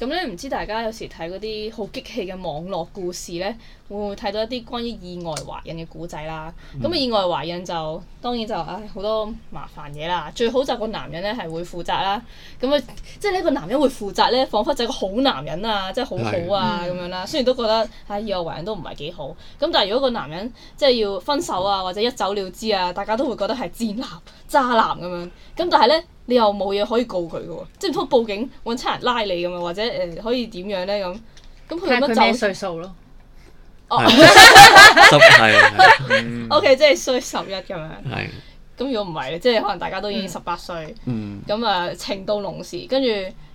咁呢唔知大家有時睇嗰啲好激氣嘅網絡故事呢，會唔會睇到一啲關於意外懷孕嘅故仔啦？咁、嗯、啊意外懷孕就當然就唉好、哎、多麻煩嘢啦。最好就個男人呢係會負責啦。咁啊即係呢個男人會負責呢，彷彿就係個好男人啊，即係好好啊咁、嗯、樣啦。雖然都覺得唉、哎，意外懷孕都唔係幾好。咁但係如果個男人即係要分手啊，或者一走了之啊，大家都會覺得係賤男、渣男咁樣。咁但係呢。你又冇嘢可以告佢㗎喎，即係唔通報警揾親人拉你咁啊？或者誒、呃、可以點樣咧咁？咁佢乜走？佢咩歲數咯？哦，十係。O K，即係衰十一咁樣。咁如果唔係，即係可能大家都已經十八歲。咁啊、嗯呃，情到濃時，跟住。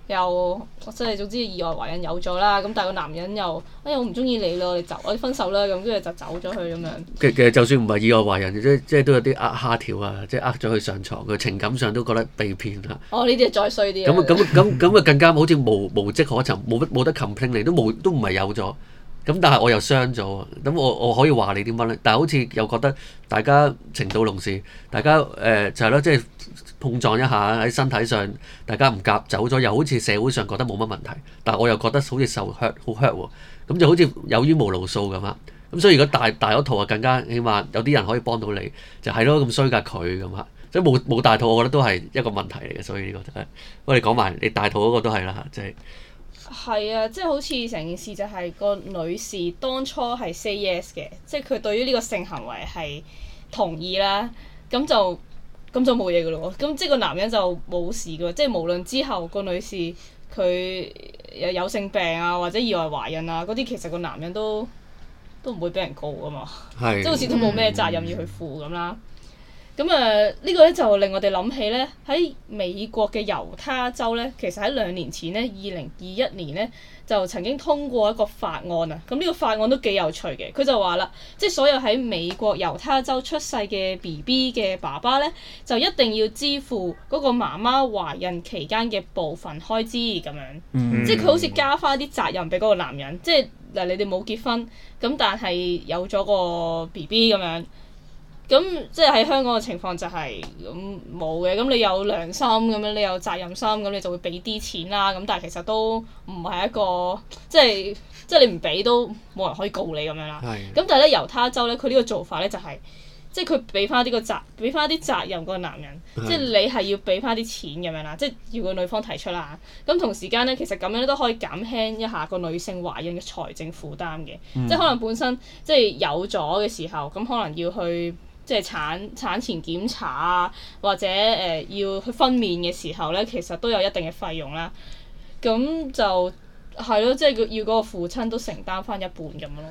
又即係總之意外懷孕有咗啦，咁但係個男人又哎我唔中意你咯，你走我哋分手啦，咁跟住就走咗去咁樣。其其實就算唔係意外懷孕，即係即係都有啲呃蝦條啊，即係呃咗佢上床。佢情感上都覺得被騙啦。哦，呢啲係再衰啲。咁咁咁咁啊更加好似無無跡可尋，冇乜冇得 complain 你，都冇都唔係有咗，咁但係我又傷咗，咁我我可以話你點樣咧？但係好似又覺得大家情到濃時，大家誒就係咯，即係。碰撞一下喺身體上，大家唔夾走咗，又好似社會上覺得冇乜問題，但係我又覺得好似受 hurt，好 hurt 喎、啊。咁就好似有冤無路訴咁啊。咁所以如果大大咗肚啊，更加起碼有啲人可以幫到你，就係咯咁衰噶佢咁啊。即係冇冇大肚，我覺得都係一個問題嚟嘅。所以呢個就係、是，喂你講埋你大肚嗰個都係啦，即係係啊，即、就、係、是、好似成件事就係個女士當初係 say yes 嘅，即係佢對於呢個性行為係同意啦，咁就。咁就冇嘢噶咯喎，咁即係個男人就冇事噶，即係無論之後個女士佢有性病啊，或者意外懷孕啊，嗰啲其實個男人都都唔會俾人告噶嘛，即係好似都冇咩責任要去負咁啦。嗯咁誒呢個咧就令我哋諗起咧喺美國嘅猶他州咧，其實喺兩年前咧，二零二一年咧就曾經通過一個法案啊！咁、嗯、呢、呢個法案都幾有趣嘅，佢就話啦，即係所有喺美國猶他州出世嘅 B B 嘅爸爸咧，就一定要支付嗰個媽媽懷孕期間嘅部分開支咁樣，嗯、即係佢好似加翻啲責任俾嗰個男人，即係嗱你哋冇結婚，咁但係有咗個 B B 咁樣。咁、嗯、即係喺香港嘅情況就係咁冇嘅，咁、嗯嗯、你有良心咁樣，你有責任心咁、嗯、你就會俾啲錢啦。咁、嗯、但係其實都唔係一個即係即係你唔俾都冇人可以告你咁樣啦。咁是的、嗯、但係咧，猶他州咧，佢呢個做法咧就係、是、即係佢俾翻啲個責，俾翻啲責任個男人，是的 即係你係要俾翻啲錢咁樣啦，即係要個女方提出啦。咁、嗯嗯、同時間咧，其實咁樣都可以減輕一下個女性懷孕嘅財政負擔嘅，即係、嗯、可能本身即係有咗嘅時候，咁可能要去。即係產產前檢查啊，或者誒、呃、要去分娩嘅時候咧，其實都有一定嘅費用啦。咁就係咯，即係要要嗰個父親都承擔翻一半咁咯。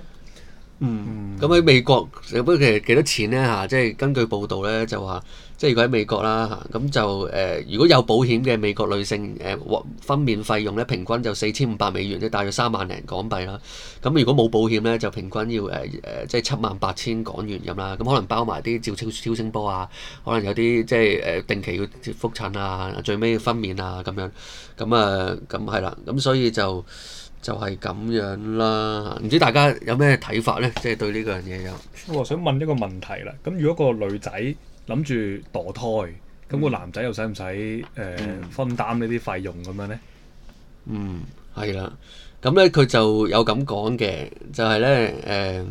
嗯，咁喺美國，其實幾多錢咧嚇、啊？即係根據報道咧，就話。即係如果喺美國啦吓，咁就誒、呃、如果有保險嘅美國女性誒、呃、分娩費用咧，平均就四千五百美元，即係大約三萬零港幣啦。咁如果冇保險咧，就平均要誒誒、呃、即係七萬八千港元咁啦。咁可能包埋啲照超超聲波啊，可能有啲即係誒、呃、定期要復診啊，最尾要分娩啊咁樣。咁啊咁係啦。咁所以就就係、是、咁樣啦。唔知大家有咩睇法咧？即係對呢個嘢有、哦。我想問一個問題啦。咁如果個女仔諗住墮胎，咁、那個男仔又使唔使誒分擔呢啲費用咁、嗯、樣、就是、呢？嗯、呃，係啦，咁呢，佢就有咁講嘅，就係呢。誒，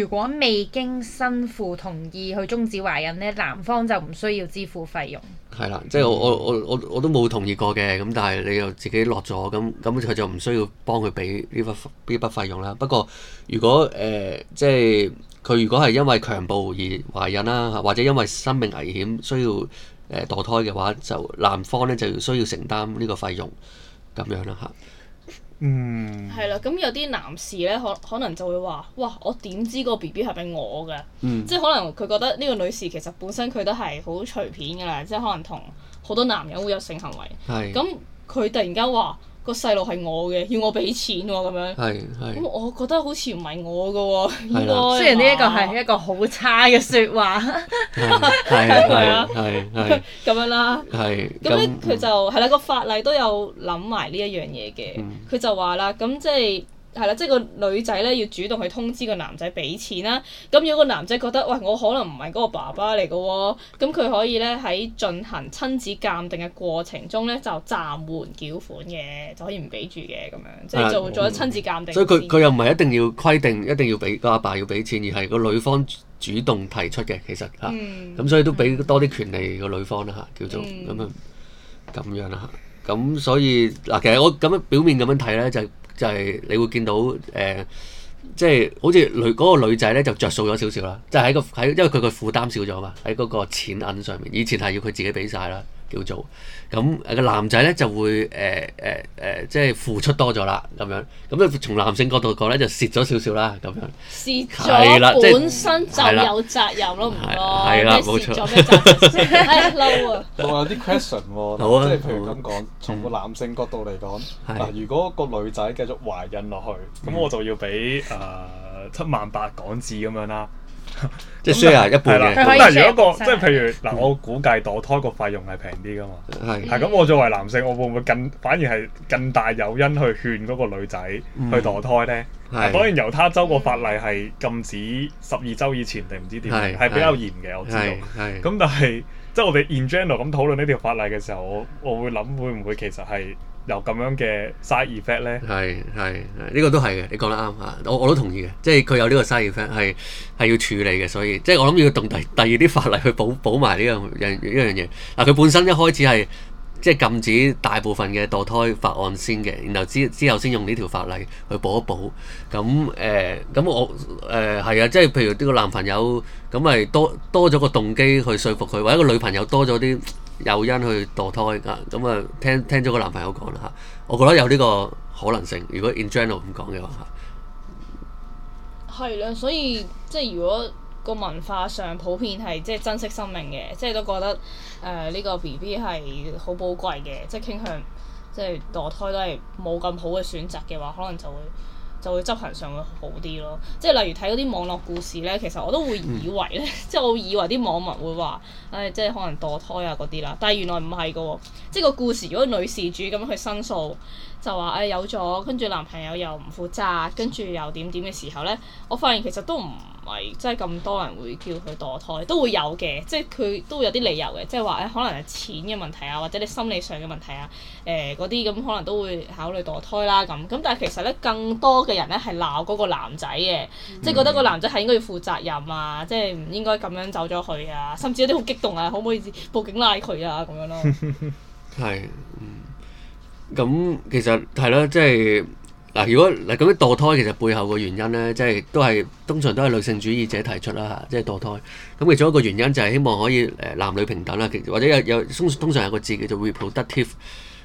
如果未經生父同意去中止懷孕呢，男方就唔需要支付費用。係啦，即、就、係、是、我我我我都冇同意過嘅，咁但係你又自己落咗，咁咁佢就唔需要幫佢俾呢筆呢筆費用啦。不過如果誒、呃、即係。佢如果係因為強暴而懷孕啦、啊，或者因為生命危險需要誒墮胎嘅話，就男方咧就要需要承擔呢個費用咁樣啦、啊、吓，嗯，係啦，咁有啲男士咧可可能就會話，哇，我點知個 B B 係咪我嘅？嗯」即係可能佢覺得呢個女士其實本身佢都係好隨便㗎啦，即係可能同好多男人會有性行為。係的。咁佢突然間話。個細路係我嘅，要我俾錢喎、哦、咁樣。係咁、嗯、我覺得好似唔係我嘅喎、哦，應該。的雖然呢一個係一個好差嘅説話，係係、啊。咁樣啦。係。咁咧，佢就係啦，個法例都有諗埋呢一樣嘢嘅。佢、嗯、就話啦，咁即係。係啦，即係個女仔咧要主動去通知個男仔俾錢啦。咁如果個男仔覺得，喂、呃，我可能唔係嗰個爸爸嚟㗎喎，咁佢可以咧喺進行親子鑑定嘅過程中咧就暫緩繳款嘅，就可以唔俾住嘅咁樣，即係做咗親子鑑定。啊嗯嗯嗯、所以佢佢又唔係一定要規定一定要俾個阿爸要俾錢，而係個女方主動提出嘅，其實吓。咁所以都俾多啲權利個女方啦吓，叫做咁樣咁樣啦。咁所以嗱，其實我咁樣表面咁樣睇咧就係。就係你會見到誒，即、呃、係、就係、好似女嗰、嗰個女仔咧，就着數咗少少啦。就喺個喺，因為佢個負擔少咗嘛，喺嗰個錢銀上面，以前係要佢自己俾晒啦。叫做咁，誒，個男仔咧，就會誒誒誒即係付出多咗啦，咁樣，咁咧從男性角度講咧就蝕咗少少啦咁樣。蝕咗，係啊、本身就有責任咯，唔係、嗯。係啦，冇錯。嬲啊！我、啊哎哦、有啲 question 喎、啊，即係譬如咁講，從個男性角度嚟講，嗱、啊，嗯、如果個女仔繼續懷孕落去，咁我就要俾誒、呃、七萬八港紙咁樣啦。即係需要有一半嘅，的但係如果個的即係譬如嗱，我估計墮胎個費用係平啲㗎嘛。係的，咁我作為男性，我會唔會更反而係更大誘因去勸嗰個女仔去墮胎咧？係、嗯啊，當然猶他州個法例係禁止十二周以前定唔知點，係的的比較嚴嘅，我知道。咁的的但係即係我哋 in general 咁討論呢條法例嘅時候，我我會諗會唔會其實係。有咁樣嘅 side effect 咧？係係呢個都係嘅，你講得啱啊！我我都同意嘅，即係佢有呢個 side effect 係係要處理嘅，所以即係我諗要動第第二啲法例去補補埋呢樣樣一樣嘢。嗱、這個，佢本身一開始係即係禁止大部分嘅墮胎法案先嘅，然後之之後先用呢條法例去補一補。咁誒咁我誒係啊，即係譬如呢個男朋友咁咪、嗯、多多咗個動機去說服佢，或者個女朋友多咗啲。有因去墮胎啊！咁啊，聽聽咗個男朋友講啦嚇，我覺得有呢個可能性。如果 in general 咁講嘅話嚇，係啦。所以即係如果個文化上普遍係即係珍惜生命嘅，即係都覺得誒呢個 BB 係好寶貴嘅，即係傾向即係墮胎都係冇咁好嘅選擇嘅話，可能就會。就會執行上會好啲咯，即係例如睇嗰啲網絡故事呢，其實我都會以為呢，嗯、即係我以為啲網民會話，唉、哎，即係可能墮胎啊嗰啲啦，但係原來唔係㗎喎，即係個故事如果女事主咁樣去申訴。就話誒、哎、有咗，跟住男朋友又唔負責，跟住又點點嘅時候呢，我發現其實都唔係即係咁多人會叫佢墮胎，都會有嘅，即係佢都會有啲理由嘅，即係話誒可能係錢嘅問題啊，或者你心理上嘅問題啊，誒嗰啲咁可能都會考慮墮胎啦咁。咁但係其實呢，更多嘅人呢係鬧嗰個男仔嘅，即係覺得個男仔係應該要負責任啊，嗯、即係唔應該咁樣走咗去啊，甚至有啲好激動啊，可唔可以，報警拉佢啊咁樣咯 係。咁其實係咯，即係嗱，如果嗱咁樣墮胎，其實背後個原因咧，即係都係通常都係女性主義者提出啦，即係墮胎。咁其中一個原因就係希望可以誒、呃、男女平等啦，或者有有通常有個字叫做 reproductive。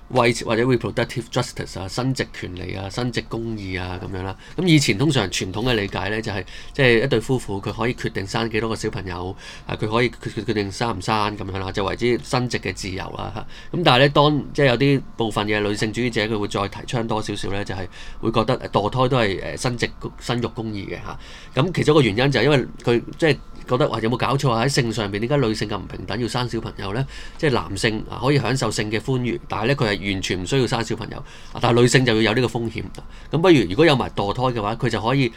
或者 reproductive justice 啊，生殖權利啊，生殖公義啊咁樣啦。咁以前通常傳統嘅理解呢，就係即係一對夫婦佢可以決定生幾多個小朋友，啊佢可以決定生唔生咁樣啦，就為之生殖嘅自由啦。咁、啊、但係呢，當即係有啲部分嘅女性主義者，佢會再提倡多少少呢，就係、是、會覺得墮胎都係誒生殖生育公義嘅嚇。咁、啊、其中一個原因就係因為佢即係。覺得話有冇搞錯啊？喺性上面，點解女性咁唔平等要生小朋友呢？即係男性、啊、可以享受性嘅歡愉，但係咧佢係完全唔需要生小朋友、啊。但係女性就要有呢個風險。咁、啊、不如如果有埋墮胎嘅話，佢就可以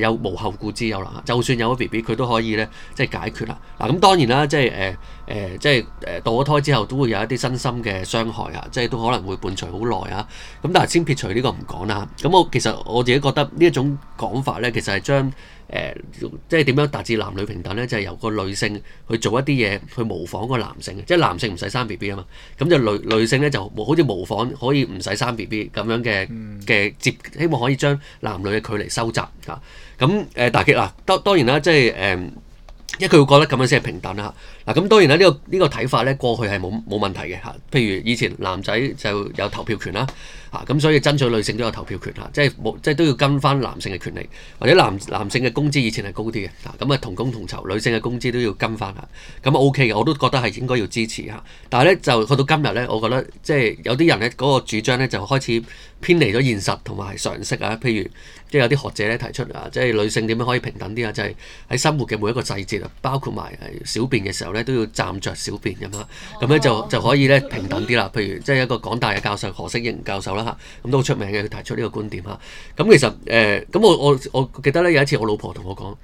有無後顧之憂啦。就算有咗 B B，佢都可以呢，即係解決啦。嗱、啊，咁當然啦，即係誒誒，即係誒墮咗胎之後都會有一啲身心嘅傷害啊，即係都可能會伴隨好耐啊。咁、啊、但係先撇除呢個唔講啦。咁、啊、我、啊啊、其實我自己覺得呢一種講法呢，其實係將誒、呃、即係點樣達至男女平等呢？就係、是、由個女性去做一啲嘢去模仿個男性，即係男性唔使生 B B 啊嘛，咁就女女性咧就好似模仿可以唔使生 B B 咁樣嘅嘅接，希望可以將男女嘅距離收窄嚇。咁誒大結啦，當當然啦，即係誒、嗯，因為佢會覺得咁樣先係平等啦、啊。嗱咁當然啦，呢個呢個睇法咧，過去係冇冇問題嘅嚇。譬如以前男仔就有投票權啦，嚇咁所以爭取女性都有投票權嚇，即係冇即係都要跟翻男性嘅權利，或者男男性嘅工資以前係高啲嘅，咁啊同工同酬，女性嘅工資都要跟翻嚇，咁 OK 嘅，我都覺得係應該要支持嚇。但係咧就去到今日咧，我覺得即係有啲人咧嗰個主張咧就開始偏離咗現實同埋常識啊。譬如即係有啲學者咧提出啊，即係女性點樣可以平等啲啊？就係喺生活嘅每一個細節啊，包括埋小便嘅時候。咧都要站着小便嘅嘛，咁咧就就可以咧平等啲啦。譬如即係一個港大嘅教授何式凝教授啦吓，咁都好出名嘅，佢提出呢個觀點吓。咁其實誒，咁、呃、我我我記得咧有一次我老婆同我講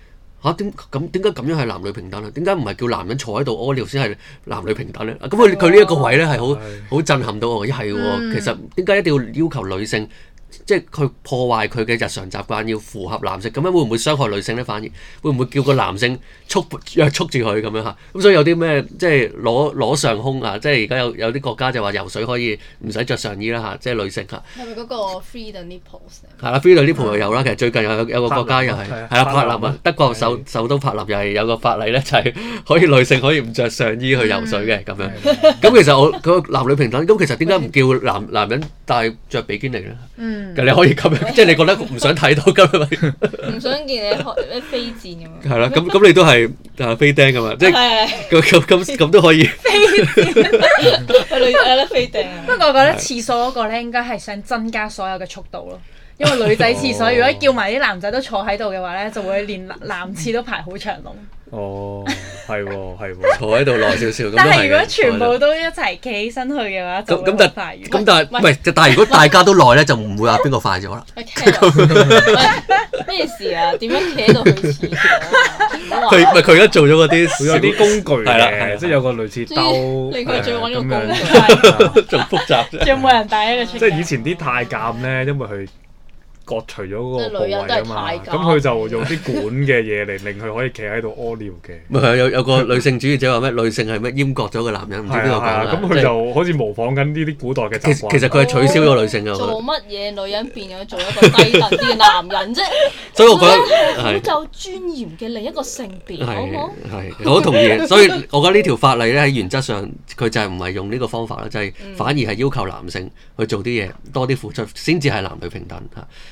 吓，點咁點解咁樣係男女平等啊？點解唔係叫男人坐喺度屙尿先係男女平等咧？咁佢佢呢一個位咧係好好震撼到我，一係喎，其實點解一定要要求女性？即係佢破壞佢嘅日常習慣，要符合男性，咁樣會唔會傷害女性咧？反而會唔會叫個男性束約束住佢咁樣吓，咁所以有啲咩即係攞攞上空，啊？即係而家有有啲國家就話游水可以唔使着上衣啦吓，即係女性嚇。係咪嗰個 free the nipple？係啦，free the nipple 又遊啦。其實最近有有個國家又係係啊柏林啊德國首首都柏林又係有個法例咧，就係可以女性可以唔着上衣去游水嘅咁樣。咁其實我嗰個男女平等，咁其實點解唔叫男男人戴着比基尼咧？你可以咁樣，即係你覺得唔想睇到咁樣，唔 想見你學咩飛箭咁樣。係啦， 咁咁你都係啊飛釘咁啊， 即係咁咁咁都可以。飛釘女仔啦，飛釘。不過我覺得廁所嗰個咧，應該係想增加所有嘅速度咯，因為女仔廁所如果叫埋啲男仔都坐喺度嘅話咧，就會連男廁都排好長龍。哦，係喎，係喎，坐喺度耐少少。但係如果全部都一齊企起身去嘅話，就咁，咁但咁但係，唔係，但係如果大家都耐咧，就唔會話邊個快咗啦。咩事啊？點樣企喺度？佢唔係佢而家做咗嗰啲，有啲工具嘅，即係有個類似兜。你佢最搵個工具。仲複雜啫。仲有冇人帶一個？即係以前啲太監咧，因為佢。割除咗嗰個部位啊嘛，咁佢、嗯、就用啲管嘅嘢嚟令佢可以企喺度屙尿嘅。有有個女性主義者話咩？女性係咩？閹割咗個男人，唔知邊個咁佢就好似模仿緊呢啲古代嘅習慣。其實佢係取消咗個女性啊。做乜嘢？女人變咗做一個低能啲嘅男人啫。 所以我覺得係有尊嚴嘅另一個性別，好好？我都同意。所以我覺得呢條法例咧喺原則上，佢就係唔係用呢個方法咧，就係、是、反而係要求男性去做啲嘢，多啲付出，先至係男女平等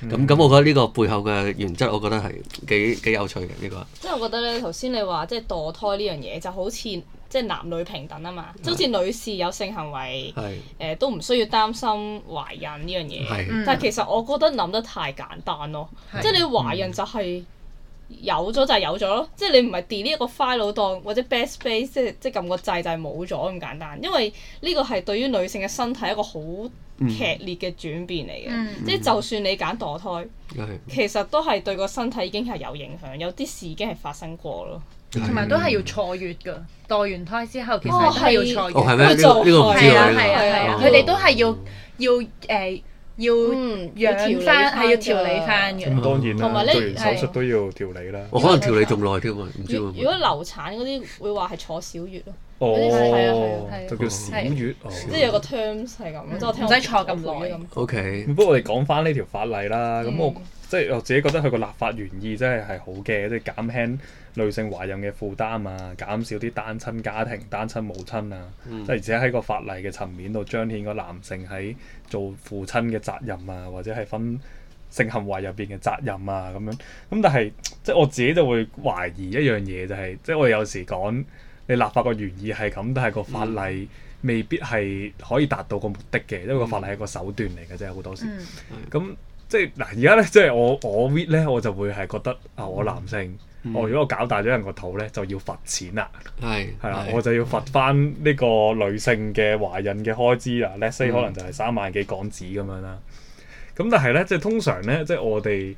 嚇。咁咁，我覺得呢個背後嘅原則，我覺得係幾幾有趣嘅呢個。即係我覺得咧，頭先你話即係墮胎呢樣嘢，就好似即係男女平等啊嘛，即好似女士有性行為，誒是、呃、都唔需要擔心懷孕呢樣嘢。是但係其實我覺得諗得太簡單咯，即係是你懷孕就係、是。有咗就係有咗咯，即係你唔係 delete 一個 file 檔或者 backspace 即係即係撳個掣就係冇咗咁簡單。因為呢個係對於女性嘅身體一個好劇烈嘅轉變嚟嘅，嗯、即係就算你揀墮胎，嗯、其實都係對個身體已經係有影響，嗯、有啲事已經係發生過咯。同埋都係要坐月㗎，墮完胎之後其實都係要坐月。呢、哦哦這個係咩？啊係啊係啊，佢哋、啊啊啊啊啊、都係要要誒。要呃要要調理翻，係要調理翻嘅。咁當然啦，同埋呢做完手術都要調理啦。我可能調理仲耐添喎，唔知喎。如果流產嗰啲會話係坐小月咯。哦，係啊係啊，係。就叫小月，即係有個 terms 係咁，即係唔使坐咁耐咁。OK，不過我哋講翻呢條法例啦。咁我。即係我自己覺得佢個立法原意真係係好嘅，即係減輕女性懷孕嘅負擔啊，減少啲單親家庭、單親母親啊，嗯、即係而且喺個法例嘅層面度彰顯個男性喺做父親嘅責任啊，或者係分性行為入邊嘅責任啊咁樣。咁但係即係我自己就會懷疑一樣嘢、就係，就係即係我哋有時講你立法個原意係咁，但係個法例未必係可以達到個目的嘅，嗯、因為個法例係個手段嚟嘅啫，好多時咁。嗯嗯嗯嗯即係嗱，而家咧，即係我我 read 咧，我就會係覺得啊，我男性，嗯、我如果我搞大咗人個肚咧，就要罰錢啦，係，係啦，我就要罰翻呢個女性嘅懷孕嘅開支啦，呢所以可能就係三萬幾港紙咁樣啦。咁、嗯、但係咧，即係通常咧，即係我哋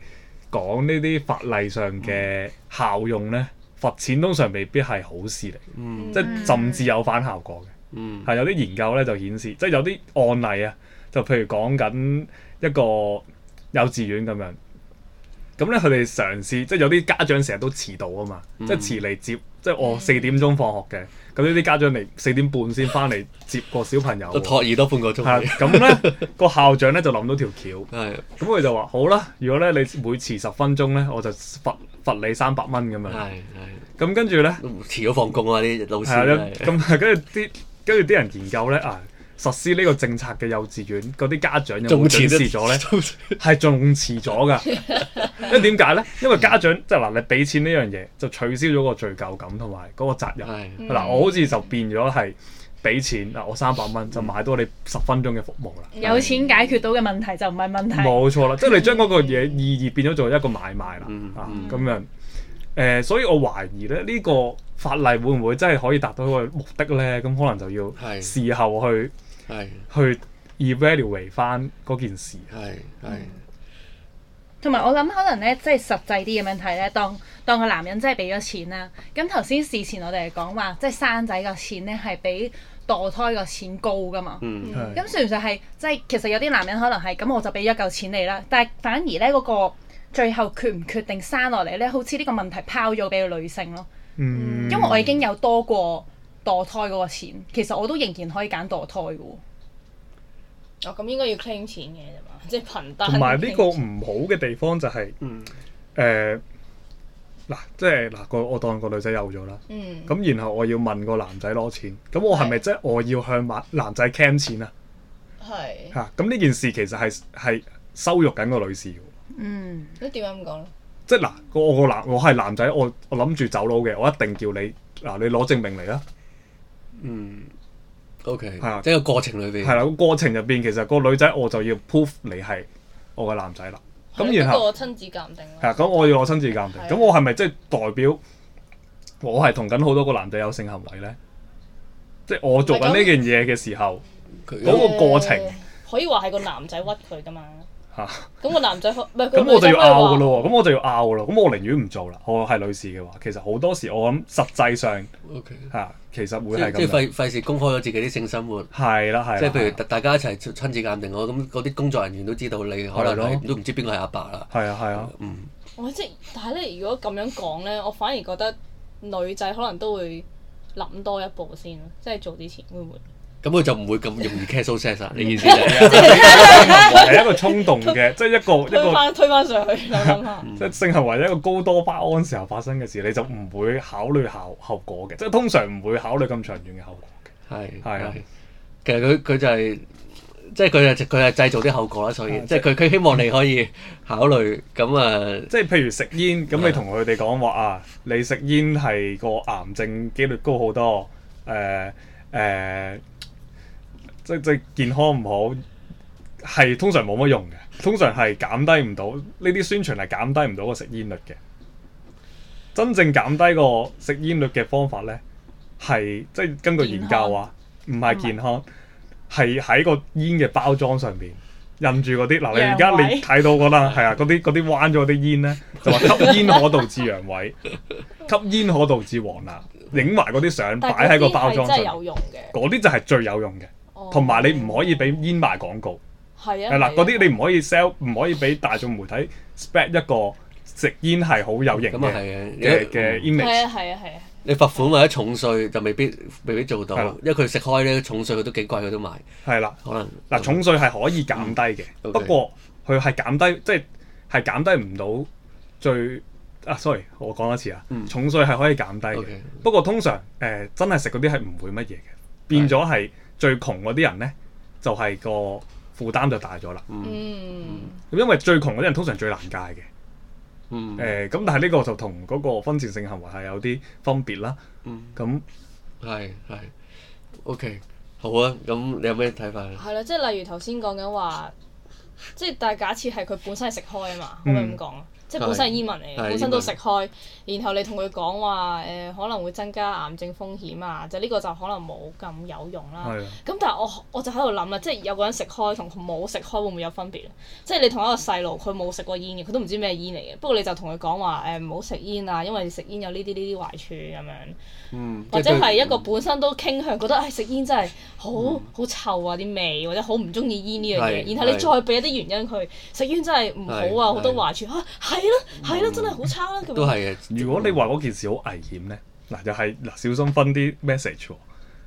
講呢啲法例上嘅效用咧，罰錢通常未必係好事嚟，即係、嗯、甚至有反效果嘅。嗯，係有啲研究咧就顯示，即、就、係、是、有啲案例啊，就譬如講緊一個。幼稚園咁樣，咁咧佢哋嘗試，即係有啲家長成日都遲到啊嘛，嗯、即係遲嚟接，即係我四點鐘放學嘅，咁呢啲家長嚟四點半先翻嚟接個小朋友， 托兒多半個鐘。係咁咧，個 校長咧就諗到條橋，係咁佢就話好啦，如果咧你每遲十分鐘咧，我就罰罰你三百蚊咁樣。係咁跟住咧，遲咗、啊、放工啊啲老師咧，咁跟住啲跟住啲人研究咧啊。實施呢個政策嘅幼稚園，嗰啲家長又冇遲咗呢？係仲遲咗㗎，因為點解呢？因為家長、嗯、即係嗱，你俾錢呢樣嘢就取消咗個罪疚感同埋嗰個責任。嗱、嗯，我好似就變咗係俾錢嗱，我三百蚊就買多你十分鐘嘅服務啦。嗯、是有錢解決到嘅問題就唔係問題。冇錯啦，嗯、即係你將嗰個嘢意義變咗做一個買賣啦。咁、嗯嗯啊、樣誒、呃，所以我懷疑咧呢、呢個法例會唔會真係可以達到佢個目的呢？咁可能就要事後去。係，是去 evaluate 翻嗰件事。係係。同埋、嗯、我諗可能咧，即係實際啲咁樣睇咧，當當個男人真係俾咗錢啦。咁頭先事前我哋講話，即係生仔個錢咧係比墮胎個錢高噶嘛。咁算唔算係，即係其實有啲男人可能係咁，我就俾咗嚿錢你啦。但係反而咧嗰、嗰個最後決唔決定生落嚟咧，好似呢個問題拋咗俾個女性咯。嗯、因為我已經有多過。墮胎嗰個錢，其實我都仍然可以揀墮胎嘅喎。哦，咁、哦、應該要 claim 錢嘅啫嘛，即、就、係、是、憑單同埋呢個唔好嘅地方就係、是，誒嗱、嗯呃，即係嗱個我當個女仔有咗啦，咁、嗯、然後我要問個男仔攞錢，咁我係咪即係我要向男男仔 claim 錢啊？係嚇是，咁呢、啊嗯、件事其實係係羞辱緊個女士嘅。嗯，咁點解咁講咧？即係嗱，我我男我係男仔，我我諗住走佬嘅，我一定叫你嗱，你攞證明嚟啦。嗯，OK，係啊，即係個過程裏邊係啦，個、啊、過程入邊其實個女仔我就要 prove 你係我嘅男仔啦。咁、啊、然後個我親子鑑定，係啊，咁我要我親子鑑定。咁、啊、我係咪即係代表我係同緊好多個男仔有性行為咧？即係、啊、我做緊呢件嘢嘅時候，嗰、啊、個過程、啊、可以話係個男仔屈佢噶嘛？咁、啊嗯那個男仔、嗯、可唔咪？咁、嗯、我就要拗㗎咯喎！咁我就要拗咯，咁我寧願唔做啦。我係女士嘅話，其實好多時我諗，實際上吓 Okay.、啊，其實會係咁。即係費費事公開咗自己啲性生活。係啦、嗯，係啦。即係譬如大家一齊親子鑑定我咁，嗰啲工作人員都知道你的可能你都唔知邊個係阿爸啦。係啊，係啊。嗯。我 即係，但係咧，如果咁樣講咧，我反而覺得女仔可能都會諗多一步先，即係做之前會唔會？咁佢就唔會咁容易 casual sex 啊！呢 件事係一個衝動嘅，即係一個一個推翻上去，即係性行為一個高多巴胺時候發生嘅事，你就唔會考慮效後果嘅，即、就、係、是、通常唔會考慮咁長遠嘅效果嘅。係係是啊，其實佢佢就係即係佢係佢係製造啲後果啦，所以即係佢佢希望你可以考慮咁、嗯、啊！即係譬如食煙，咁你同佢哋講話啊，你食煙係個癌症機率高好多，誒、呃、誒。呃呃呃即即健康唔好，係通常冇乜用嘅。通常係減低唔到呢啲宣傳係減低唔到個食煙率嘅。真正減低個食煙率嘅方法咧，係即係根據研究啊，唔係健康，係喺個煙嘅包裝上邊印住嗰啲。嗱葵，你而家你睇到個啦，係啊，嗰啲啲彎咗啲煙咧，就話吸煙可導致陽痿， 吸煙可導致黃疸，啊，影埋嗰啲相擺喺個包裝上。嗰啲就係最有用嘅。同埋你唔可以俾煙賣廣告，係啊，係啦，嗰啲你唔可以 sell，唔可以俾大眾媒體 spread 一個食煙係好有型嘅係嘅嘅 image。係啊，係啊，係啊。你罰款或者重稅就未必未必做到，因為佢食開咧重稅佢都幾貴，佢都賣。係啦，可能嗱重稅係可以減低嘅，不過佢係減低即係係減低唔到最啊。sorry，我講多次啊。嗯，重稅係可以減低嘅，不過通常誒真係食嗰啲係唔會乜嘢嘅，變咗係。最窮嗰啲人咧，就係個負擔就大咗啦，嗯嗯。嗯，咁因為最窮嗰啲人通常最難戒嘅。嗯。誒、呃，咁但係呢個就同嗰個婚前性行為係有啲分別啦。嗯。咁樣。係係。OK，好啊。咁你有咩睇法咧？係啦，即係例如頭先講緊話，即係但係假設係佢本身係食開啊嘛，可唔可以咁講啊？即係本身係煙民嚟，本身都食開，然後你同佢講話誒可能會增加癌症風險啊，就呢個就可能冇咁有用啦。咁但係我我就喺度諗啦，即係有個人食開同冇食開會唔會有分別？即係你同一個細路，佢冇食過煙嘅，佢都唔知咩煙嚟嘅。不過你就同佢講話誒唔好食煙啊，因為食煙有呢啲呢啲壞處咁樣。或者係一個本身都傾向覺得誒食煙真係好好臭啊啲味，或者好唔中意煙呢樣嘢。然後你再俾一啲原因佢，食煙真係唔好啊，好多壞處。係啦，係啦，真係好差啦。咁都係嘅、就係就係。如果你話嗰件事好危險咧，嗱就係嗱小心分啲 message。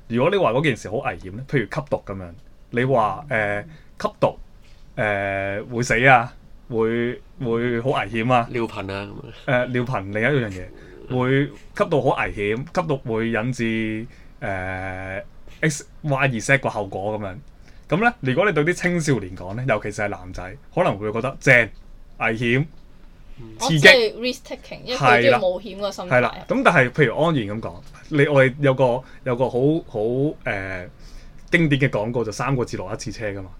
如果你話嗰件事好危險咧，譬如吸毒咁樣，你話誒、呃、吸毒誒、呃、會死啊，會會好危險啊，尿頻啊咁樣誒尿頻。另一樣嘢會吸毒好危險，吸毒會引致誒、呃、X Y Z 個後果咁樣。咁咧，如果你對啲青少年講咧，尤其是係男仔，可能會覺得正危險。刺激，risk-taking，因為佢要冒險個心態。係啦，咁但係譬如安然咁講，你我哋有個有個好好誒經典嘅廣告，就三個字落一次車噶嘛。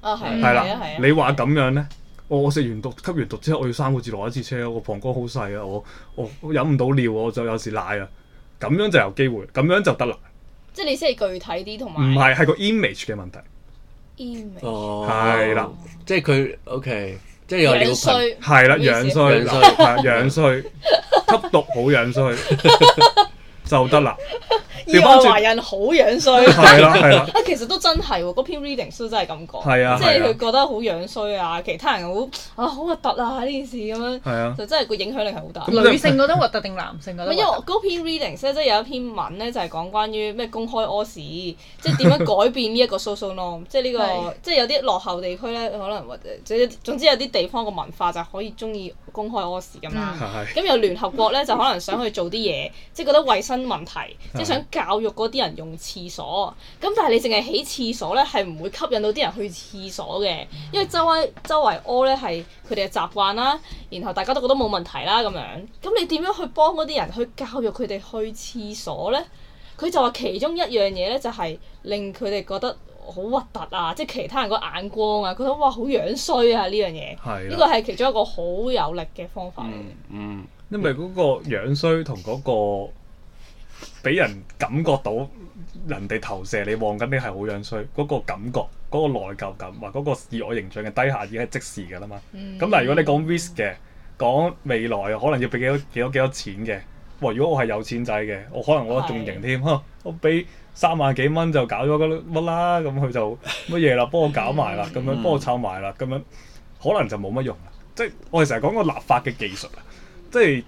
啊係，係啦，係啊，係啊。你話咁樣咧，我食完毒，吸完毒之後，我要三個字落一次車，我膀胱好細啊，我我飲唔到尿，我就有時瀨啊，咁樣就有機會，咁樣就得啦。即係你先係具體啲，同埋唔係係個 image 嘅問題。image 哦，係啦，即係佢 OK。即係有樣係啦，樣衰，樣衰，係樣衰， 衰，吸毒好樣衰， 就得啦。意外懷孕好樣衰，係，係啊，其實都真係喎，嗰篇 reading 都真係咁講，即係佢覺得好樣衰啊，其他人好啊好核突啊，呢件事咁樣就真係個影響力係好大。女性覺得核突定男性覺得？唔係因為嗰篇 reading 咧，即係有一篇文咧，就係講關於咩公開屙屎，即係點樣改變呢一個 so so norm 即係呢個即係有啲落後地區咧，可能或者總之有啲地方個文化就可以中意公開屙屎㗎嘛。係，係咁，又聯合國咧就可能想去做啲嘢，即係覺得衞生問題，即係想。教育嗰啲人用廁所，咁但係你淨係起廁所呢，係唔會吸引到啲人去廁所嘅，因為周圍周圍屙呢係佢哋嘅習慣啦。然後大家都覺得冇問題啦咁樣。咁你點樣去幫嗰啲人去教育佢哋去廁所呢？佢就話其中一樣嘢呢，就係令佢哋覺得好核突啊！即係其他人個眼光啊，覺得哇好樣衰啊呢樣嘢。係。呢個係其中一個好有力嘅方法。嗯、嗯。因為嗰個樣衰同嗰個。俾人感覺到人哋投射你望緊你係好樣衰，嗰、那個感覺，嗰、那個內疚感，或、那、嗰個自我形象嘅低下已經係即時㗎啦嘛。咁、嗯、但係如果你講 risk 嘅，講未來可能要俾幾多幾多幾多錢嘅，哇！如果我係有錢仔嘅，我可能我仲型添的、啊，我俾三萬幾蚊就搞咗個乜啦，咁佢就乜嘢啦，幫我搞埋啦，咁樣幫我湊埋啦，咁樣可能就冇乜用啦。即係我哋成日講個立法嘅技術啊，即係。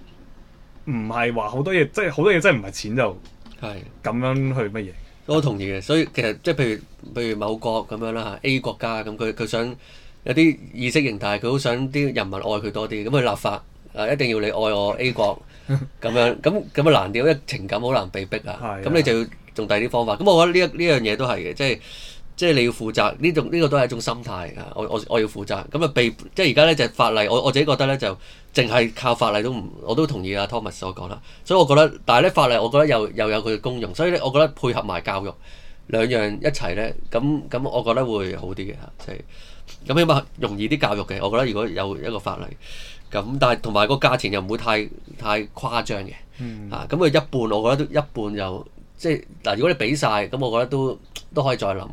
唔係話好多嘢，即係好多嘢真係唔係錢就係咁樣去乜嘢。我同意嘅，所以其實即係譬如譬如某國咁樣啦嚇，A 國家咁佢佢想有啲意識形態，佢好想啲人民愛佢多啲，咁佢立法啊，一定要你愛我 A 國咁 樣，咁咁啊難啲，因為情感好難被逼啊，咁的你就要用第二啲方法。咁我覺得呢一呢樣嘢都係嘅，即係。即係你要負責呢種呢個都係一種心態啊！我我我要負責咁啊，被即係而家咧就係、法例，我我自己覺得咧就淨係靠法例都唔我都同意阿 Thomas 所講啦。所以我覺得，但係咧法例，我覺得又又有佢嘅功用，所以咧我覺得配合埋教育兩樣一齊咧，咁咁我覺得會好啲嘅嚇。即係咁起碼容易啲教育嘅。我覺得如果有一個法例咁，但係同埋個價錢又唔會太太誇張嘅嚇。咁佢、嗯啊、一半，我覺得都一半又即係嗱，如果你俾晒，咁，我覺得都都，都可以再諗。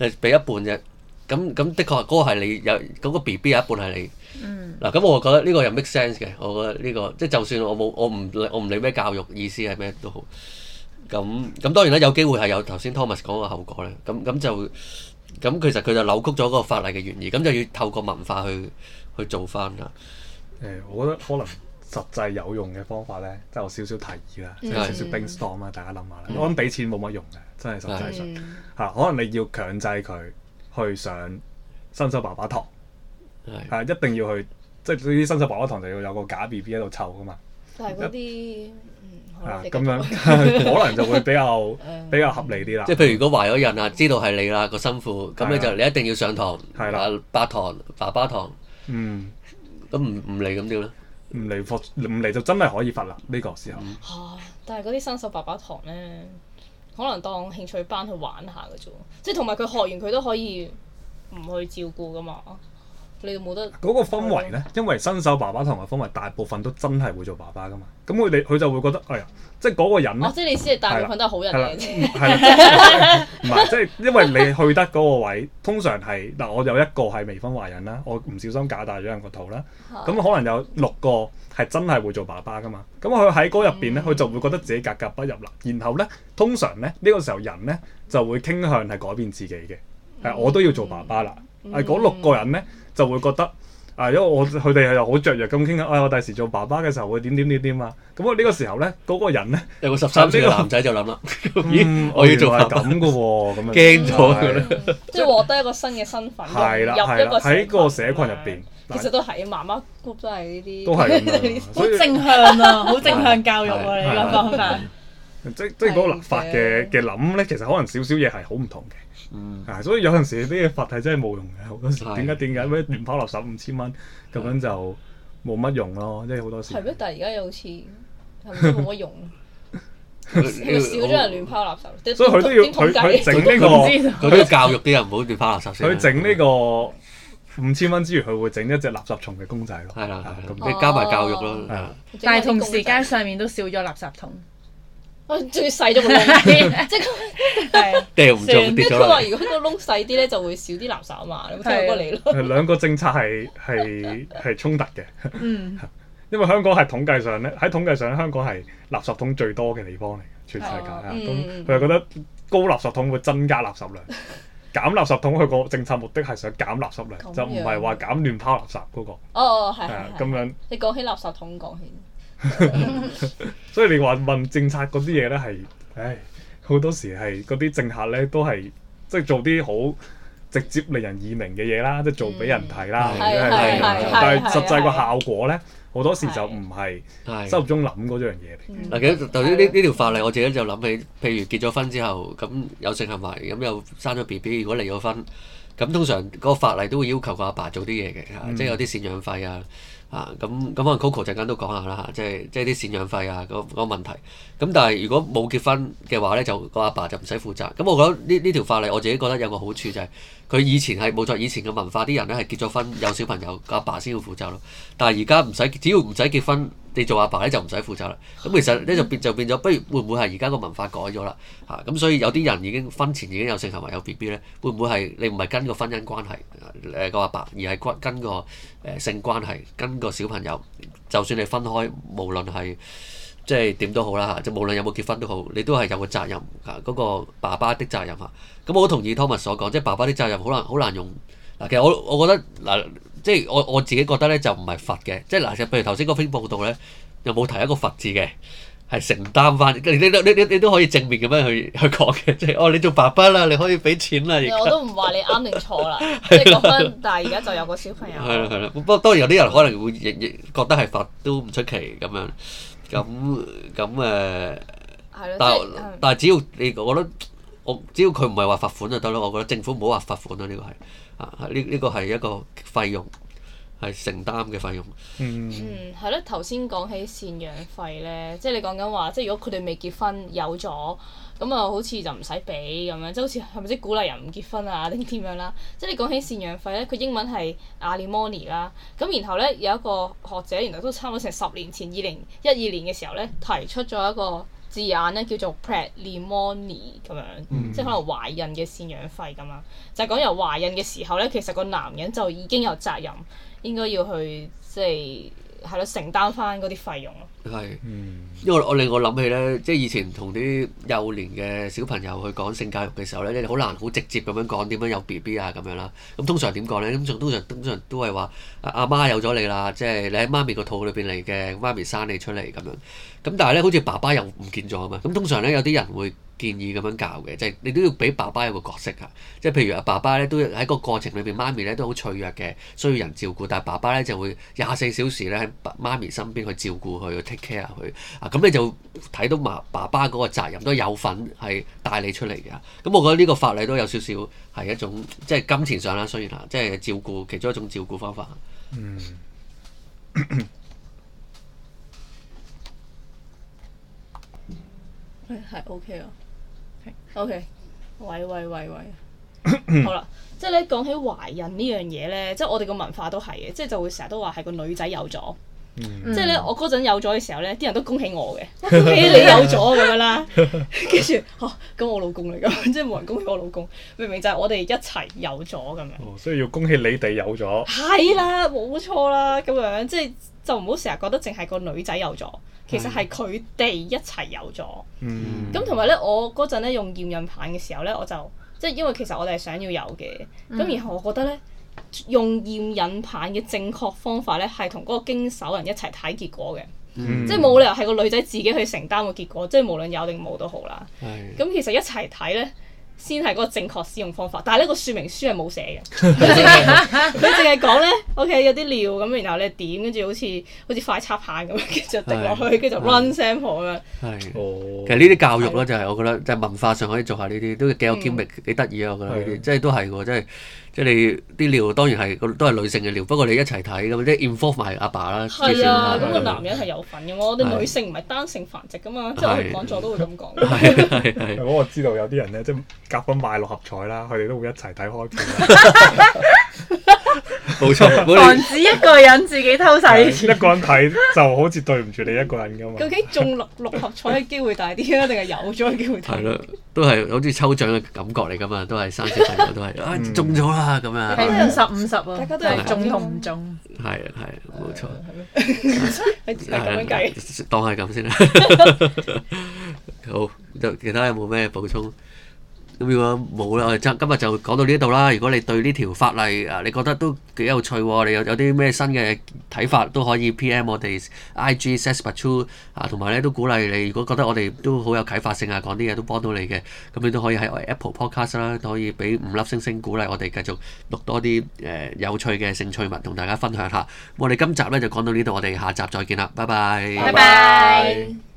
誒，俾一半啫，咁咁的確，嗰個係你有，嗰個 B B 有一半係你。嗯。嗱，咁我覺得呢個又 make sense 嘅，我覺得呢個即係就算我冇，我唔理我唔理咩教育意思係咩都好。咁咁當然啦，有機會係有頭先 Thomas 講個後果咧。咁咁就咁，其實佢就扭曲咗個法例嘅原意，咁就要透過文化去去做翻啦。誒，我覺得可能。實際有用嘅方法咧，即係我少少提議啦，即係少少 brainstorm 啦。大家諗下啦，我諗俾錢冇乜用嘅，真係實際上嚇。可能你要強制佢去上新手爸爸堂，係一定要去，即係對於新手爸爸堂就要有個假 B B 喺度湊噶嘛，嗰啲咁樣可能就會比較比較合理啲啦。即係譬如如果懷咗孕啦，知道係你啦，個辛苦，咁你就你一定要上堂啊，拜堂爸爸堂，嗯，咁唔唔理咁點咧？唔嚟課，唔嚟就真係可以瞓啦，呢個時候嚇、嗯啊，但係嗰啲新手爸爸堂咧，可能當興趣班去玩下噶啫，即係同埋佢學完佢都可以唔去照顧噶嘛。你又冇得嗰個氛圍咧，因為新手爸爸同埋氛圍，大部分都真係會做爸爸噶嘛。咁佢哋佢就會覺得，哎呀，即係嗰個人哦、啊，我知你先係大部分的都係好人的，係唔係即係因為你去得嗰個位，通常係嗱，我有一個係未婚懷孕啦，我唔小心搞大咗人個肚啦。咁的可能有六個係真係會做爸爸噶嘛。咁佢喺嗰入邊咧，佢就會覺得自己格格不入啦。嗯、然後咧，通常咧呢、呢個時候人咧就會傾向係改變自己嘅，係、嗯啊、我都要做爸爸啦。係、啊、嗰六個人咧。嗯啊就會覺得啊，因為我佢哋係又好雀躍咁傾啊！我第時做爸爸嘅時候會點點點點啊！咁啊呢個時候咧，嗰個人咧，有個十三歲嘅男仔就諗啦，我要做爸爸咁嘅喎，咁啊驚咗佢咧，即係獲得一個新嘅身份，入一個喺個社群入邊。其實都係媽媽 group 都係呢啲，都係好正向啊，好正向教育喎你個方法。即係即係嗰立法嘅嘅諗咧，其實可能少少嘢係好唔同嘅。嗯，啊，所以有陣時啲嘢罰係真係冇用嘅，好多時點解點解咩亂拋垃圾五千蚊咁樣就冇乜用咯，即係好多時係咩？但係而家又好似冇乜用咯，少咗人亂拋垃圾，所以佢都要佢整呢個，佢都要教育啲人唔好亂拋垃圾先。佢整呢個五千蚊之餘，佢會整一隻垃圾蟲嘅公仔咯，係啦，咁你加埋教育咯，但係同時間上面都少咗垃圾桶，我仲要細咗即係佢話如果個窿細啲咧，就會少啲垃圾嘛。兩個理論，兩個政策係係係衝突嘅。因為香港係統計上咧，喺統計上香港係垃圾桶最多嘅地方嚟，全世界啊。咁佢又覺得高垃圾桶會增加垃圾量，減垃圾桶，佢個政策目的係想減垃圾量，就唔係話減亂拋垃圾嗰個。哦哦，係係咁樣。你講起垃圾桶，講起，所以你話問政策嗰啲嘢咧，係，唉。好多時係嗰啲政客咧，都係即係做啲好直接令人易明嘅嘢啦，即係、嗯、做俾人睇啦，但係實際個效果咧，好是多時就唔係心中諗嗰樣嘢嗱，其實。頭先呢呢條法例，我自己就諗起，譬如結咗婚之後咁有性行為，咁又生咗 BB，如果離咗婚咁，通常嗰個法例都會要求個阿爸做啲嘢嘅，嗯、即係有啲贍養費啊。啊，咁、嗯、咁、嗯、可能 Coco 陣間都講下啦，即係即係啲贍養費啊，嗰嗰、嗰個問題。咁但係如果冇結婚嘅話咧，就、個阿爸，爸就唔使負責。咁、嗯、我覺得呢呢條法例，我自己覺得有個好處就係、是。佢以前係冇錯，以前嘅文化啲人咧，係結咗婚有小朋友，個阿爸先要負責咯。但係而家唔使，只要唔使結婚，你做阿爸咧，就唔使負責啦。咁其實咧就變就變咗，不如會唔會係而家個文化改咗啦？嚇，咁所以有啲人已經婚前已經有性行為有 BB 咧，會唔會係你唔係跟個婚姻關係誒個阿爸，爸，而係跟個誒性關係跟個小朋友？就算你分開，無論係。即係點都好啦嚇，即係無論有冇結婚都好，你都係有個責任嚇，嗰、嗰個爸爸的責任嚇。咁我好同意 Thomas 所講，即係爸爸的責任好難好難用嗱。其實我我覺得嗱，即係我我自己覺得咧就唔係佛嘅，即係嗱，譬如頭先嗰篇報道咧，有冇提一個佛字嘅？係承擔翻，你你你你都可以正面咁樣去去講嘅，即係哦，你做爸爸啦，你可以俾錢啦。我都唔話你啱定錯啦，即係覺得， 但係而家就有個小朋友。係啦係啦，不過當然有啲人可能會亦覺得係罰都唔出奇咁樣。咁咁誒，但係但係只要你，我覺得我只要佢唔係話罰款就得啦。我覺得政府唔好話罰款啦，呢、呢個係啊呢呢、呢個係一個費用。係承擔嘅費用。嗯，係咯、嗯。頭先講起贍養費咧，即係你講緊話，即係如果佢哋未結婚有咗咁啊，好似就唔使俾咁樣，即係好似係咪即鼓勵人唔結婚啊？定點樣啦、啊？即係你講起贍養費咧，佢英文係 alimony 啦。咁然後咧有一個學者，原來都差唔多成十年前，二零一二年嘅時候咧，提出咗一個字眼咧，叫做 prelimony 咁樣，嗯、即係可能懷孕嘅贍養費咁啊，就係、是、講由懷孕嘅時候咧，其實個男人就已經有責任。應該要去即係係咯，承擔翻嗰啲費用咯。係，因為我，我令我諗起咧，即係以前同啲幼年嘅小朋友去講性教育嘅時候咧，你好難好直接咁樣講點樣有 B B 啊咁樣啦。咁、嗯、通常點講咧？咁仲通常通常都係話阿阿媽有咗你啦，即係你喺媽咪個肚裏邊嚟嘅，媽咪生你出嚟咁樣。咁但係咧，好似爸爸又唔見咗啊嘛。咁通常咧有啲人會建議咁樣教嘅，即係你都要俾爸爸有一個角色啊。即係譬如阿爸爸咧，都喺個過程裏邊，媽咪咧都好脆弱嘅，需要人照顧，但係爸爸咧就會廿四小時咧喺媽咪身邊去照顧佢。take care 佢啊，咁你就睇到媽爸爸嗰個責任都有份係帶你出嚟嘅，咁我覺得呢個法例都有少少係一種即係金錢上啦，雖然啊，即係照顧其中一種照顧方法。嗯，係 OK 咯，OK，喂喂喂喂，喂喂 好啦，即係咧講起懷孕呢樣嘢咧，即係我哋個文化都係嘅，即係就會成日都話係個女仔有咗。即係咧，嗯、我嗰陣有咗嘅時候咧，啲人都恭喜我嘅，恭喜你有咗咁樣啦。跟住， 咁、啊、我老公嚟㗎，即係冇人恭喜我老公。明明就係我哋一齊有咗咁樣，哦。所以要恭喜你哋有咗。係啦，冇錯啦，咁樣即係就唔好成日覺得淨係個女仔有咗，嗯、其實係佢哋一齊有咗。嗯。咁同埋咧，我嗰陣咧用驗孕棒嘅時候咧，我就即係、就是、因為其實我哋係想要有嘅，咁、嗯、然後我覺得咧。用驗孕棒嘅正確方法咧，係同嗰個經手人一齊睇結果嘅，即係冇理由係個女仔自己去承擔個結果，即係無論有定冇都好啦。咁其實一齊睇咧，先係嗰個正確使用方法。但係呢個說明書係冇寫嘅，佢淨係講咧，OK 有啲尿咁，然後你點跟住好似好似快插棒咁，跟住就滴落去，跟住就 run sample 咁。係其實呢啲教育咧，就係我覺得即係文化上可以做下呢啲，都幾有趣味，幾得意啊！我覺得，即係都係嘅，真係。即係你啲尿，當然係都係女性嘅尿，不過你一齊睇咁，即係 inform 埋阿爸啦。係啊，咁是個男人係有份嘅嘛。啊、我哋女性唔係單性繁殖嘅嘛，啊、即係我哋講座都會咁講。如果我知道有啲人咧，即係夾份買六合彩啦，佢哋都會一齊睇開 冇錯，錯 防止一個人自己偷晒錢， 一個人睇就好似對唔住你一個人咁。究竟中六六合彩嘅機會大啲啊，定係有咗機會大？係咯，都係好似抽獎嘅感覺嚟噶嘛，都係三隻朋友都係中咗啦咁啊，係五十五十啊，大家都係中同唔中？係啊係啊，冇錯，係咪咁樣計？當係咁先啦。好，就其他有冇咩補充？咁如果冇啦，我哋即今日就講到呢度啦。如果你對呢條法例啊，你覺得都幾有趣喎，你有有啲咩新嘅睇法都可以 P.M 我哋 I.G. s e b 啊，同埋咧都鼓勵你，如果覺得我哋都好有啟發性啊，講啲嘢都幫到你嘅，咁你都可以喺 Apple Podcast 啦，都可以俾五粒星星鼓勵我哋繼續錄多啲誒、呃、有趣嘅興趣物同大家分享下。咁我哋今集咧就講到呢度，我哋下集再見啦，拜拜。拜拜。